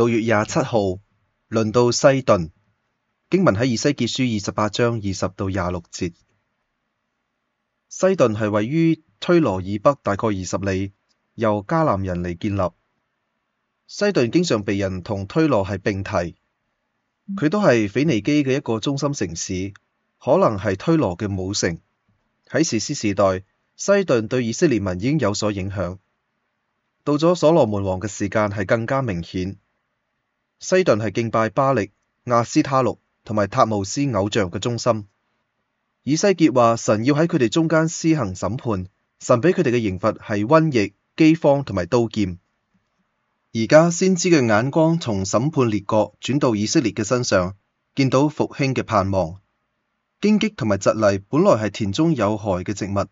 六月廿七號，輪到西頓，經文喺以西結書二十八章二十到廿六節。西頓係位於推羅以北大概二十里，由迦南人嚟建立。西頓經常被人同推羅係並提，佢都係腓尼基嘅一個中心城市，可能係推羅嘅母城。喺士師時代，西頓對以色列民已經有所影響，到咗所羅門王嘅時間係更加明顯。西頓係敬拜巴力、亞斯他錄同埋塔木斯偶像嘅中心。以西結話：神要喺佢哋中間施行審判，神畀佢哋嘅刑罰係瘟疫、饑荒同埋刀劍。而家先知嘅眼光從審判列國轉到以色列嘅身上，見到復興嘅盼望。荊棘同埋蒺藜本來係田中有害嘅植物，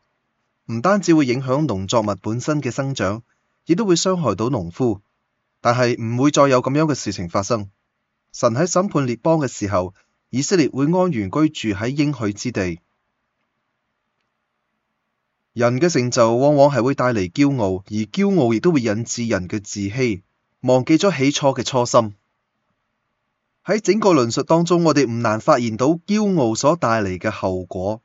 唔單止會影響農作物本身嘅生長，亦都會傷害到農夫。但係唔會再有咁樣嘅事情發生。神喺審判列邦嘅時候，以色列會安然居住喺應許之地。人嘅成就往往係會帶嚟驕傲，而驕傲亦都會引致人嘅自欺，忘記咗起初嘅初心。喺整個論述當中，我哋唔難發現到驕傲所帶嚟嘅後果。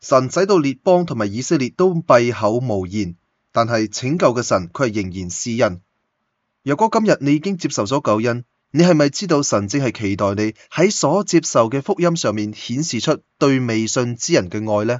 神使到列邦同埋以色列都閉口無言，但係拯救嘅神卻係仍然施恩。若果今日你已經接受咗救恩，你係咪知道神正係期待你喺所接受嘅福音上面顯示出對未信之人嘅愛呢？